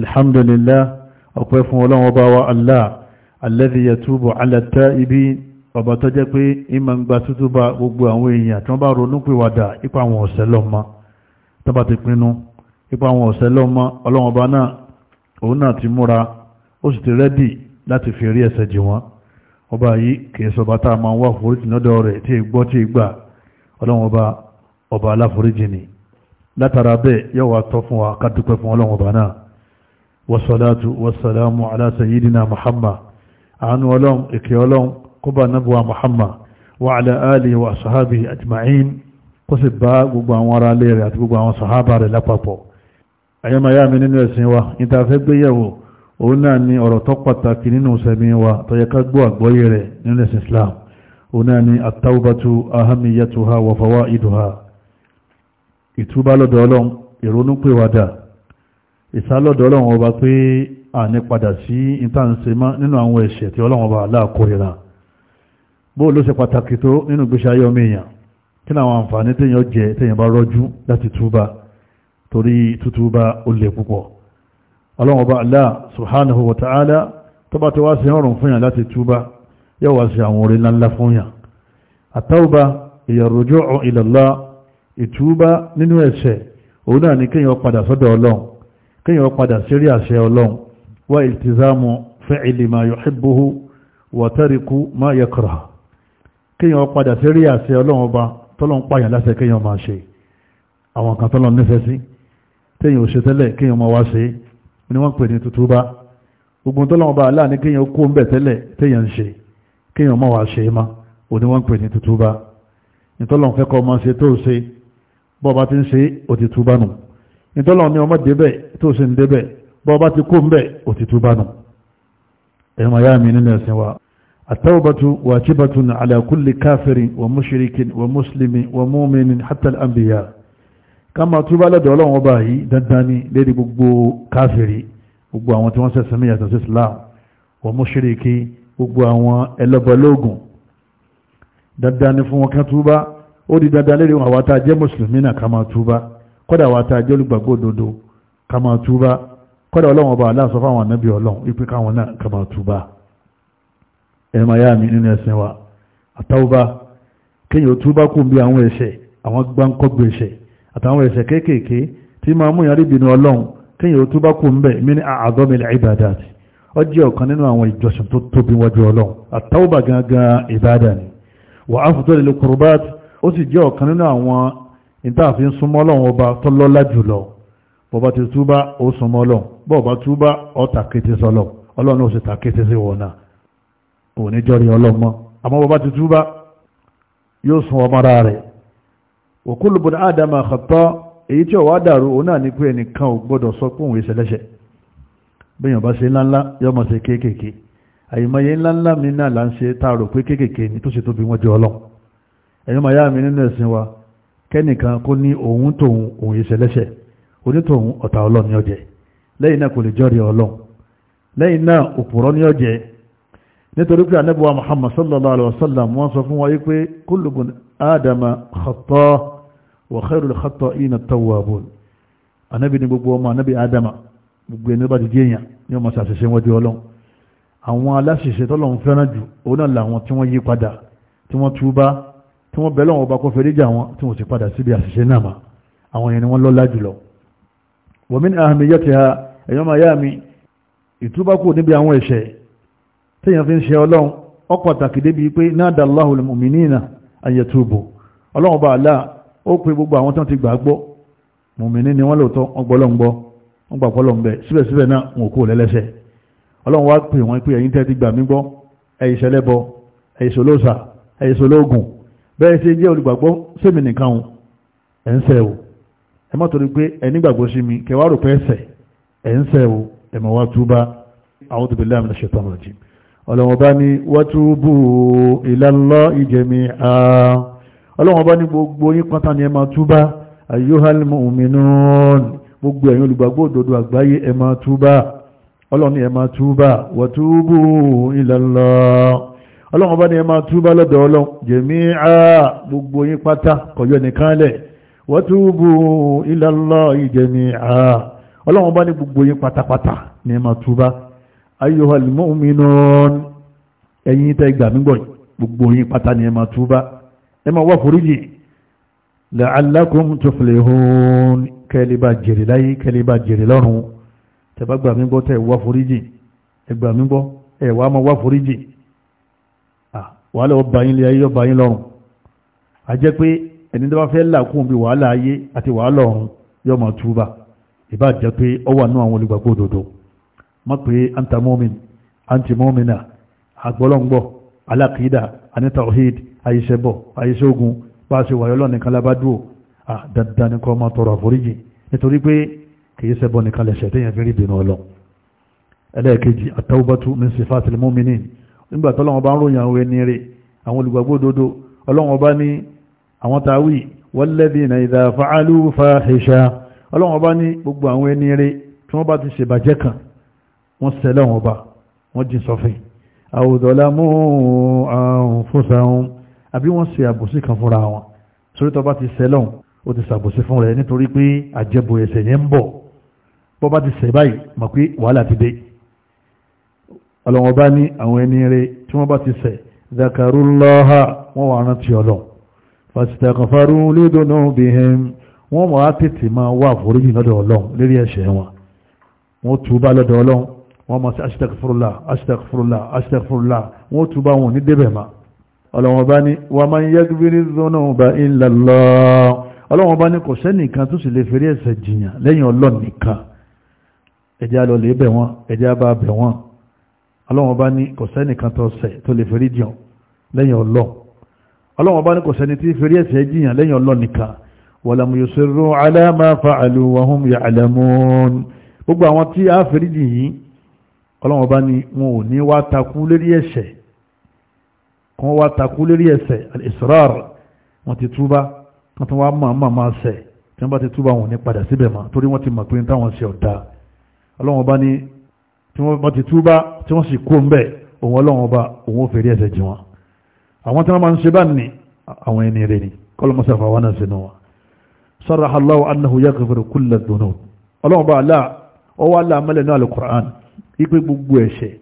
alhamdulillah ọ̀pẹ́ fún ọlọ́run ọba wa allah alladhi yatubu ala ta'ibi ọba tó jẹ́ pé ìmọ̀ ń gba tútù bá gbogbo àwọn èèyàn tí wọ́n bá ronú pìwàdà ipa àwọn ọ̀sẹ̀ lọ́mọ tó bá ti pinnu ipa àwọn ọ̀sẹ̀ lọ́mọ ọlọ́run ọba náà òun náà ti múra ó sì ti rẹ́dì láti fi rí ẹsẹ̀ aláforíjì ni látara bẹ́ẹ̀ yóò wá tọ́ fún wa ká dúpẹ́ fún ọlọ́run ọba náà wasalatu wasalamu ala sayyidina muhammad àánú ọlọ́run ìkẹ́ ọlọ́run kọba nabuwa muhammad wa ala alihi wa sahabi ajma'in kó sì bá gbogbo àwọn ará ilé rẹ̀ àti gbogbo àwọn sahaba rẹ̀ lápapọ̀ ayẹ́mayá mi nínú ẹ̀sìn wa ìtafẹ́ gbéyẹ̀wò òun náà ni ọ̀rọ̀ tó pàtàkì nínú sẹ́mi wa tó yẹ ká gbọ́ àgbọ́yé rẹ̀ nínú ẹ̀sìn islam òun náà ni at ahamiyatuha wa fawaiduha ìtúbálọ́dọ̀ ọlọ́run ìrónúpìwàdà ìsálọ́dọ̀ ọlọ́run ọba pé àní padà sí ìtànṣemá nínú àwọn ẹ̀ṣẹ̀ tí ọlọ́run ọba aláàkórira bó ló ṣe pàtàkì tó nínú gbéṣẹ́ ayé ọmọ èèyàn kí làwọn àǹfààní téèyàn jẹ téèyàn bá rọ́jú láti túbà torí tútúbà ó lè púpọ̀ ọlọ́run ọba aláà subhanahu wa ta'ala tó bá ti wá sí ọrùn fún yàn láti túbà yóò wá sí àwọn orí ńláńlá fún yàn àtàwùbá ìyàrújú ìlàlá ìtúbà nínú ẹ̀ṣẹ̀ òun náà ní kéèyàn padà sọ́dọ̀ ọlọ́run kíyàn padà sírí àṣẹ ọlọ́run wá ìtìzámù fẹ́ìlì ma yuhibbuhu wa tariku ma yakrahu kíyàn padà sírí àṣẹ ọlọ́run ọba tọ́lọ́n pààyàn láṣẹ kíyàn máa ṣe àwọn kan tọ́lọ́n nífẹ́ sí kíyàn ò ṣe tẹ́lẹ̀ kíyàn máa wá ṣe ni wọ́n pè ní tuntun bá gbogbo tọ́lọ́n ọba aláàní kíyàn kó ń bẹ̀ tẹ́lẹ̀ kíyàn ń ṣe kíyàn máa wá ṣe má ò wọ́n pè ní tuntun bá ìtọ́lọ́n fẹ́ kọ́ máa ṣe tó ṣe bọ́ọ̀ bá ti ń ṣe òtítù bá nítọ́lọ́ ní ọmọ débẹ̀ tó sì ń débẹ̀ bọ́ bá ti kó ń bẹ̀ ò ti túbá nù ẹ̀mọ̀ yá mi nínú ẹ̀sìn wa àtàwọ̀bàtú wajibatun ala kulli káfírin wa mushrikin wa muslimi wa múminin hatta al-anbiya ká máa túbá lọ́dọ̀ ọlọ́run ọba yìí dandan ni lérí gbogbo káfírí gbogbo àwọn tí wọ́n kọ́dà wa ta jẹ́ olùgbàgbọ́ òdodo ká máa túbá kọ́dà ọlọ́run ọba aláàsọ fáwọn ànábì ọlọ́run wípé káwọn náà ká máa túbá ẹ máa yá mi nínú ẹ̀sìn wa àtàwùbá kéèyàn túbá kù bí àwọn ẹ̀ṣẹ̀ àwọn gbáǹkọ́gbò ẹ̀ṣẹ̀ àtàwọn ẹ̀ṣẹ̀ kéékèèké tí máa mú yàrá ìbínú ọlọ́run kéèyàn túbá kù ń ó jẹ́ níta fi ń súnmọ́ lọ́wọ́ ọba tó lọ́lá jùlọ bọ́ba ti túbá ó súnmọ́ lọ́wọ́ bọ́ba túbá ó tàkété sọlọ ọlọ́run ó sì tàkété sí wọ̀nà òní jọrí ọlọ́mọ àmọ́ bọ́ba ti túbá yóò sun ọmọra rẹ̀ òkúlù bùn ádámà àkàtọ́ èyí tí ọ̀wá dàrú òun náà ní pé ẹnìkan ò gbọ́dọ̀ sọ pé òun ìṣẹ̀lẹ́ṣẹ̀ bẹ́yàn bá ṣe ńláńlá yọmọ ṣe kéékèèké àyìmọye ńláńlá mi náà là ń ṣe tá pé kéékèèké ni tó ṣe tóbi wọn jọ ọlọ́run ẹ̀yọ́ màá yá mi nínú ẹ̀sìn wa kẹ́nìkan kó ní òun tóun òun yìí ṣẹlẹ́ṣẹ̀ onítòun ọ̀tá ọlọ́run ní ọjẹ́ lẹ́yìn náà kò lè jọ́rí ọlọ́run lẹ́yìn náà òpùrọ́ ní ọjẹ́ nítorí pé anábọ̀wá Muhammad sallallahu alayhi wa sallam wọ́n sọ fún wa yí pé kúlùbùn ádámà khata wa khairul khata'ina tawwabun anábì ní gbogbo ọmọ anábì ádámà gbogbo ẹni bá ti jẹ́ èèyàn ní ọmọ sàṣẹṣẹ wọ́n di ọlọ́run tí wọ́n bẹ̀rẹ̀ wọn ọba kó fẹ́rẹ́ jà wọn tí wọ́n sì padà síbi àṣìṣe náà àwọn yẹn ni wọ́n lọ́lá jùlọ. wọ́mìn ahamiyatiha ẹ̀yọ́ máa yá mi ìtúbá kù níbi àwọn ẹ̀ṣẹ̀ téèyàn fi ń ṣe ọlọ́run ó pàtàkì débi pé nada Allahu lil mu'minina an yatubu ọlọ́run bá ni wọ́n lòótọ́ wọ́n gbọ́ lọ́n gbọ́ wọ́n gbà pọ́ lọ́n bẹ̀ síbẹ̀síbẹ̀ náà wọn kò lẹ́lẹ́sẹ̀ ọlọ́run bẹ́ẹ̀ ṣe jẹ́ olùgbàgbọ́ sẹ́mi nìkan o ẹ̀ ń ṣẹ̀ o ẹ má torí pé ẹ nígbàgbọ́ sí mi kẹwàá rò pé ẹ̀ṣẹ̀ ẹ̀ ń ṣẹ̀ o ẹ̀ mọ̀ wá túbá a'udhu billahi minash ọlọ́wọ́n bá ní watubu ila Allahi jami'a ọlọ́wọ́n bá ní gbogbo yín pátá ni ẹ máa túbá ayyuhal mu'minun gbogbo ẹ̀yin olùgbàgbọ́ òdodo àgbáyé ẹ máa túbá ọlọ́ni ẹ máa túbá watubu ila Allah ọlọ́run bá ní ẹ máa túbá lọ́dọ̀ ọlọ́run jẹ̀mí á gbogbo yín pátá kọjọ́ nìkan lẹ̀ wọ́n túbù ilallah ìjẹ̀mí á ọlọ́run bá ní gbogbo yín pátápátá ní ẹ máa túbá ayyuhal mu'minun ẹ̀yin tẹ́ gbà mígbọ̀ gbogbo yín pátá ní ẹ máa túbá ẹ máa wá foríjì la'allakum tuflihun kẹ́lẹ́bà jèrè láyé kẹ́lẹ́bà jèrè lọ́run tẹ́ bá gbà tẹ́ wá foríjì ẹ gbà ẹ wá máa wá foríjì wàhálà ọba yín lé ayé ọba yín lọ́rùn a jẹ́ pé ẹni tó bá fẹ́ làkún bí wàhálà ayé àti wàhálà ọ̀run yóò máa túbà ìbá jẹ́ pé ọ wà nú àwọn olùgbàgbọ́ òdodo mọ̀ pé anta mọ́min anti mọ́mìnà àgbọ́lọ́ngbọ̀ alákìídà anítàwọ̀hìd àyíṣẹ́bọ̀ àyíṣẹ́ogun bá a ṣe wà yọ́lọ́ nìkan lábádùó dandan ní kọ́ máa tọrọ àforíjì nítorí pé kìí ṣẹbọ nìkan lẹ̀ṣẹ̀ téèyàn fi rí dènà ọlọ́ ẹlẹ́ẹ̀kejì àtàwọ́bátú min sifatil mọ́mìnìn nígbà tọ́lọ́wọ́n bá ń ròyìn àwọn ẹni rẹ̀ àwọn olùgbàgbọ́ òdodo ọlọ́wọ́n bá ní àwọn tàwí walladhina idha fa'alu fahisha ọlọ́wọ́n bá ní gbogbo àwọn ẹni rẹ̀ tí wọ́n bá ti ṣèbàjẹ́ kan wọ́n sẹ́lẹ̀ wọn bá wọ́n jí sọ́fẹ́ àwòdọ̀lámú àrùn fúnṣàun àbí wọ́n ọlọ́wọ́n bá ní àwọn ẹni rẹ̀ tí wọ́n bá ti ṣẹ̀ zakarullaha wọ́n wà rántí ọlọ́ fàṣítàkàfàrú lédòdó bihim wọ́n wà tètè máa wà àforíjì lọ́dọ̀ ọlọ́run lérí ẹ̀ṣẹ̀ wọn wọ́n túbá lọ́dọ̀ ọlọ́run wọ́n máa ṣe aṣítàkàfàrúlà aṣítàkàfàrúlà aṣítàkàfàrúlà wọ́n túbá wọn ní débẹ̀ ma ọlọ́wọ́n bá ní wà máa ń yẹ́gbìrì zọ́nà bẹ̀ wọ́n ọlọ́wọ́n bá ní kò sẹ́nìkan tó ṣẹ̀ tó lè fẹ́rí jìyàn lẹ́yìn ọlọ́ ọlọ́wọ́n bá ní kò sẹ́ni tí fẹ́rí ẹ̀ṣẹ̀ jìyàn lẹ́yìn ọlọ́ nìkan walam yusirru ala ma fa'alu wa hum ya'lamun gbogbo àwọn tí a fẹ́rí jìyìn ọlọ́wọ́n bá ní wọn ò ní wá tí wọ́n ti túbá tí wọ́n sì kó ń bẹ̀ òun ọlọ́run ọba òun fèrè ẹsẹ̀ jì wọn àwọn tí wọ́n máa ń ṣe bá ní àwọn ẹni rẹ̀ ni kọlọmọsá fà wọn náà sínú wọn sarraha Allahu annahu yaghfiru kulla dhunub ọlọ́run ọba aláà ọwọ́ aláà mẹ́lẹ̀ náà al-Qur'an ipe gbogbo ẹ̀ṣẹ̀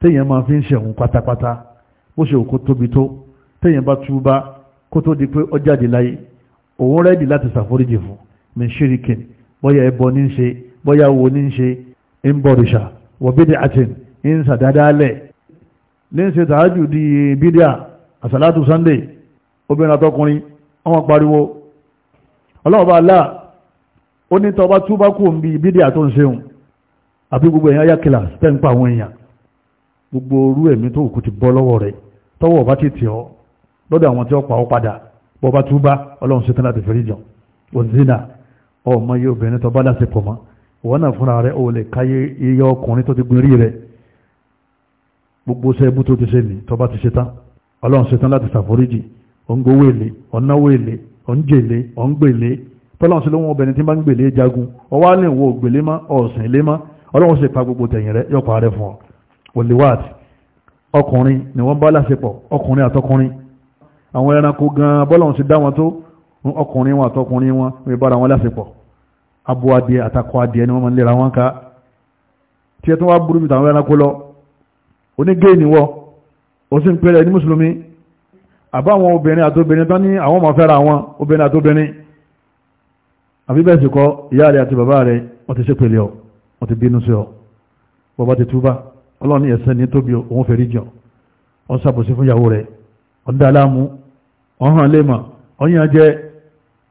téèyàn máa fi ń ṣe òun pátápátá bó ṣe òkú tóbi tó téèyàn bá túbá kó tó di pé ó jáde láyé òun rẹ́dì láti ṣàforíjì fún min shirikin bóyá ẹbọ ní ń ṣe bóyá owó ní ń ṣe ń bọ̀rìṣà wọ bídí àti ń sàdádálẹ̀ léńsẹ̀ tààjù di bídíà àsàlátù sunday obìnrin àtọkùnrin wọ́n pariwo ọlọ́ọ̀bá aláà ó ní tọba túbá kù ń bí bídíà tó ń seun àbí gbogbo èèyàn yá kìlà tẹ́ ń pa àwọn èèyàn gbogbo orú ẹ̀mí tó kù ti bọ́ lọ́wọ́ rẹ̀ tọ́wọ́ bá ti tì ọ́ lọ́dọ̀ àwọn tí ó pa ọ́ padà bọ́ túbá ọlọ́run ṣetán láti fẹ́rí jọ òzínà ọmọ yóò bẹ̀rẹ̀ tọ́ láti pọ̀ mọ́ wọ́n náà fúnra rẹ̀ o lè káyé iye ọkùnrin tó ti gun rẹ̀ gbogbo sẹ́ẹ̀bù tó ti ṣe nì tọ́ba ti ṣetán ọlọ́run tán láti ṣàforíjì èlé ọ̀nàwó èlé ọ̀ǹjèlé tọ́lọ́run obìnrin tí bá ń gbèlé jagun ọwọ́ alẹ́ wo ọ̀sìn ilé ọlọ́run ṣe pa ọ ọkùnrin ni wọ́n bá láṣepọ̀ ọkùnrin Abu adìẹ àtakọ adìẹ ni wọ́n máa ń lera wọn ká tí ẹ tún wá burú mi tàwọn ẹranko lọ onígéè ni wọ́ ó sì ń pẹ́rẹ́ ní mùsùlùmí àbáwọn obìnrin àtobìnrin tán ní àwọn ọmọ fẹ́ra wọn obìnrin àtobìnrin àbí bẹ́ẹ̀ sì kọ́ ìyá rẹ̀ àti bàbá rẹ̀ wọ́n ti ṣépele ọ wọ́n ti bínú sí ọ bàbá ti túbà ọlọ́run ní ẹ̀sẹ̀ ní tóbi òun fèrè jọ ọ ṣàbòsí fún ìyàwó rẹ̀ ọ dá láàmú ọ hàn léèmọ̀ ọ yàn jẹ́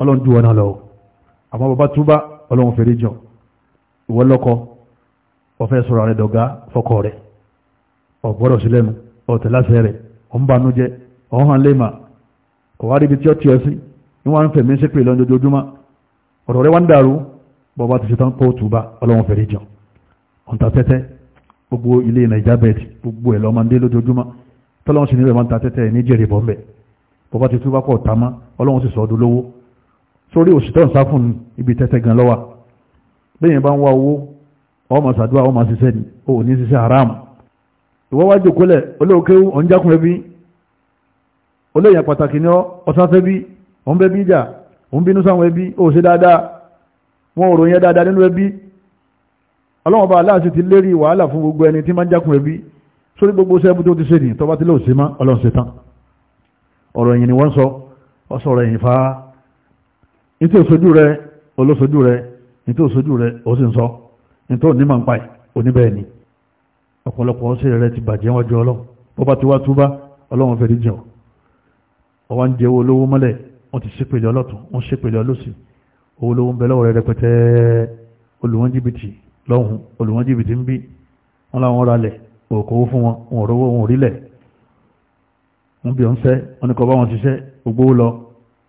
ọlọ́run ju náà lọ àmọ́ bàbá túbà ọlọ́run fèrè jọ ìwọ lọ́kọ ọ̀fẹ́ sọ̀rọ̀ rẹ̀ dọ̀gá fọkọ rẹ̀ ọ̀gbọ́dọ̀ sí lẹ́nu ọ̀tẹ̀ láṣẹ rẹ̀ ọ̀nbànújẹ́ ọ̀hàn lẹ́mà kò wá ríbi tí ó ti ọ sí ní wọ́n ń fẹ̀mí sí pé ìlọ́n dojoojúmọ́ ọ̀rọ̀ rẹ̀ wá ń dàrú bọ́ba ti ṣetán kó tùbá ọlọ́run fèrè jọ ọ̀ǹtà tẹ́tẹ́ gbogbo ilé nàìjà bẹ́ẹ̀tì gbogbo ẹ̀ lọ́mọdé lójoojúmọ́ tọ́lọ́run sì ní ìwé máa ń ta tẹ́tẹ́ ní jèrè bọ́m̀bẹ̀ bọ́ba ti túbá kọ̀ ọ̀tá mọ́ ọlọ́run sì sọ ọdún lówó sórí òṣìṣẹ́ ọ̀sá fún ibi tẹ́tẹ́ gan lọ́wà bẹ́yìn bá ń wá owó ọmọ sàdúrà ọmọ ṣiṣẹ́ ni ó ní ṣiṣẹ́ haram ìwọ́ wájú kólẹ̀ olóòkéwú ọ̀njákùnrin bí olóòyìn pàtàkì ní ọ̀sáfẹ́ bí òun bẹ́ bí ìjà òun bínú sáwọn ẹbí ó ṣe dáadáa wọn ò ròyìn dáadáa nínú ẹbí ọlọ́wọ́n bá aláàṣì ti lérí wàhálà fún gbogbo ẹni tí máa ń jákùnrin bí sórí gbogbo sẹ́bù tó ti ṣe nì tọ́ba tí lóò ṣe má ọlọ́run ṣe ọ̀rọ̀ ẹ̀yìn ni wọ́n sọ ọ̀sọ̀rọ̀ ẹ̀yìn fáá nítí òṣojú rẹ olóṣojú rẹ nítí òṣojú rẹ ó sì ń sọ nítí òní máa ń pa ẹ̀ oníbẹ̀ẹ́ ni ọ̀pọ̀lọpọ̀ ọ̀sẹ̀ rẹ ti bàjẹ́ wọn jọ ọlọ́run bó bá ti wá túbá ọlọ́run fẹ́ẹ́ jẹun ọwọ́ ń jẹ owó olówó mọ́lẹ̀ wọ́n ti ṣépèlé ọlọ́tún wọ́n ṣépèlé ọlọ́sì owó olówó ń bẹ lọ́wọ́ rẹ rẹpẹtẹ olùwọ́n jìbìtì lọ́hùn olùwọ́n jìbìtì ń bí wọ́n láwọn ralẹ̀ òkòwò fún wọn wọn rówó wọn ò rílẹ̀ wọ́n bí wọn fẹ́ wọn ni kọ́ bá wọn ṣiṣẹ́ gbogbo lọ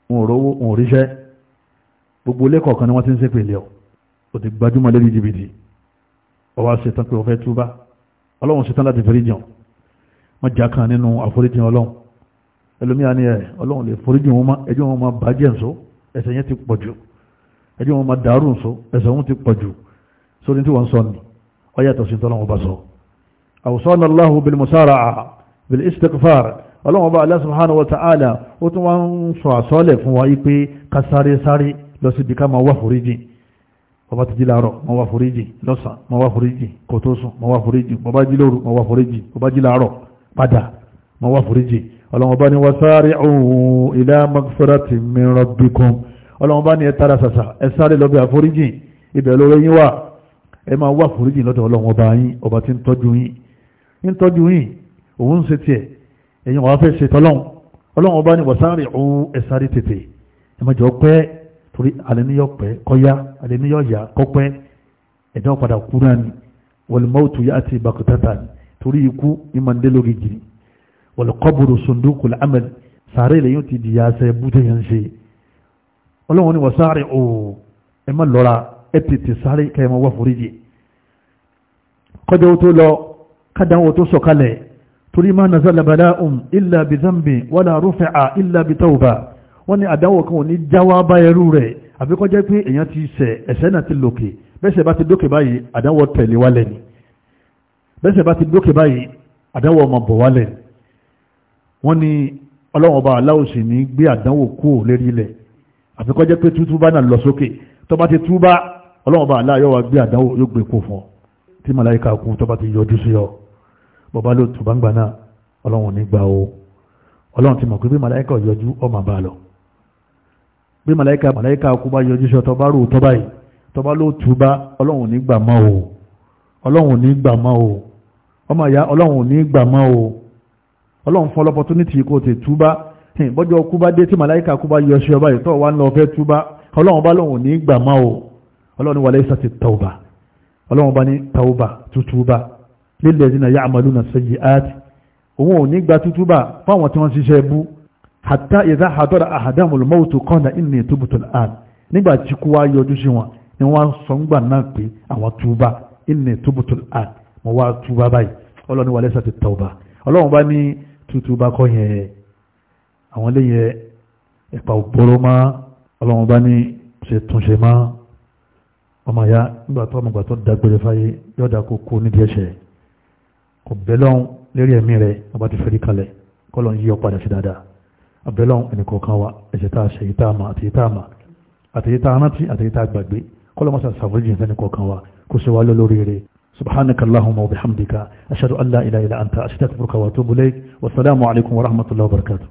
wọn rówó wọn ríṣẹ́ gbogbo lẹ́kọ̀ọ̀kan ni wọ́n ti ń sépè lé ọ o ti gbajúmọ̀ lórí jìbìtì ọwọ́ ṣetán pé o fẹ́ túbá ọlọ́run ṣetán láti fẹ́rí jàn wọ́n jà kan nínú àforíjì ọlọ́run ẹlòmíà ni ẹ ọlọ́run lè foríjì wọn má ẹjọ́ wọn máa bàjẹ́ nsọ ẹsẹ̀ yẹn ti pọ̀ jù ẹjọ́ wọn máa dàrú nsọ ẹsẹ̀ wọn ti pọ̀ jù sórí tí wọ́n sọ ni ọ sí tọ́lọ́run ọba sọ lọ síbi ká máa wá foríjì bàbá ti jí láàárọ̀ máa wá foríjì lọ́sàn máa wá foríjì kò tó sùn máa wá foríjì bàbá jí lóru máa wá foríjì bàbá jí láàárọ̀ padà máa wá foríjì ọlọ́mọba ni wasari'u ila magfirati min rabbikum ọlọ́mọba ni ẹ tara sàṣà ẹ sáré lọ bí àforíjì ibẹ̀ lórí yín wà ẹ máa wá foríjì lọ́dọ̀ ọlọ́mọba yín ọba tí ń tọ́jú yín torí alẹ́niyọ̀ pẹ́ kọ́yá alẹ́niyọ̀ yá kọ́pẹ́ ẹ̀dá padà kú náà ni wọlùmọ́ọ̀tù yá àti ìbàkútàtà ni torí ikú ìmọ̀ndé lórí gírí wọlùkọ́bùrù sùndúkù lámẹ́lì sàárè lẹ́yìn ti di yaasẹ́ bújẹ́ yẹn ṣe ọlọ́run ni wọ́n sáré o ẹ má lọ́ra ẹ tètè sáré kẹ́ ẹ má wá foríjì kọjá o tó lọ o tó sọ̀kalẹ̀ torí má nazala illa bi wala rufi'a illa bi wọ́n ní àdáwọ̀ kan ò ní jáwá bá ẹrú rẹ̀ àfikọ́ jẹ́ pé èèyàn ti sẹ̀ ẹ̀sẹ̀ náà ti lòkè bẹ́sẹ̀ bá ti dókè báyìí àdáwọ̀ tẹ̀lé wálẹ̀ ni bẹ́sẹ̀ bá ti dókè báyìí àdáwọ̀ ọmọ bọ̀ wálẹ̀ ni wọ́n ní ọlọ́wọ́n ọba aláwòsì ní gbé àdánwò kú lérí ilẹ̀ àfikọ́ jẹ́ pé tútúbá náà lọ sókè tó bá ti túbá ọlọ́wọ́n ọba aláyọ̀ wa gbé àdánwò yóò gbé kú fún tí màláìka kú tó bá ti yọjú sí ọ bọ́bá ló tùbá ń gbà náà ọlọ́wọ́n ní gbà ó ọlọ́wọ́n ti mọ̀ pé bí màláìka yọjú ọmọ bá lọ bí màláíkà màláíkà kú bá yọjú sọ tọba rò tọba yìí tọba ló túbá ọlọ́run ní gbà mọ́ o ọlọ́run ní gbà mọ́ o ọmọ ìyá ọlọ́run ní gbà mọ́ o ọlọ́run fún ọlọ́pọ̀túnítì kò tè túbá bọ́jọ́ kú bá dé tí màláíkà kú bá yọ sí ọba yìí tọ́ wa ń lọ fẹ́ túbá ọlọ́run bá lọ́run ní gbà o ọlọ́run wà lẹ́sà ti tàwùbà ọlọ́run bá ní tàwùbà tútúbà lílẹ̀ dínà yá àmàlú nà sẹ́yìn áàtì òun ò ní gba tútúbà fáwọn tí wọ́n ṣiṣẹ́ bú hatta ìdá àdọ́rà àhàdámù lọ́wọ́tò kọ́nà ìní ìtúbùtò àn nígbà tí kú wá yọjú sí wọn ni wọ́n sọ ń gbà náà pé àwọn túbá ìní ìtúbùtò àn mo wá túbá báyìí ọlọ́ni wà lẹ́sà ti tọ̀ọ̀bà ọlọ́run bá ní tútúbá kọ́ yẹn àwọn lẹ́yìn ẹ̀pà ògbóró má ọlọ́run bá ní ṣe túnṣe má ọmọ ya nígbà tó ọmọ gbàtọ́ dágbére fáyé yọ̀dà kó nídìí ẹ̀ṣẹ̀ kò bẹ́lọ́n lérí ẹ̀mí rẹ̀ ọba ti fẹ́rí kalẹ̀ kọ́lọ́n yí ọ padà sí dáadáa abẹ́lọ́hún ẹnìkọ̀ọ̀kan wa ẹ̀ṣẹ̀ tá a ṣe ìta àmà àti ìta àmà àti ìta arántí àti ìta àgbàgbé kọ́lọ́mọ́sà sàfúrìjì ẹnìkọ̀ọ̀kan wa kò ṣe wá lo lori rẹ̀ allahumma wa bihamdika ashhadu an la ilaha illa anta astaghfiruka wa atubu ilaik wa assalamu alaikum wa rahmatullahi wa barakatuh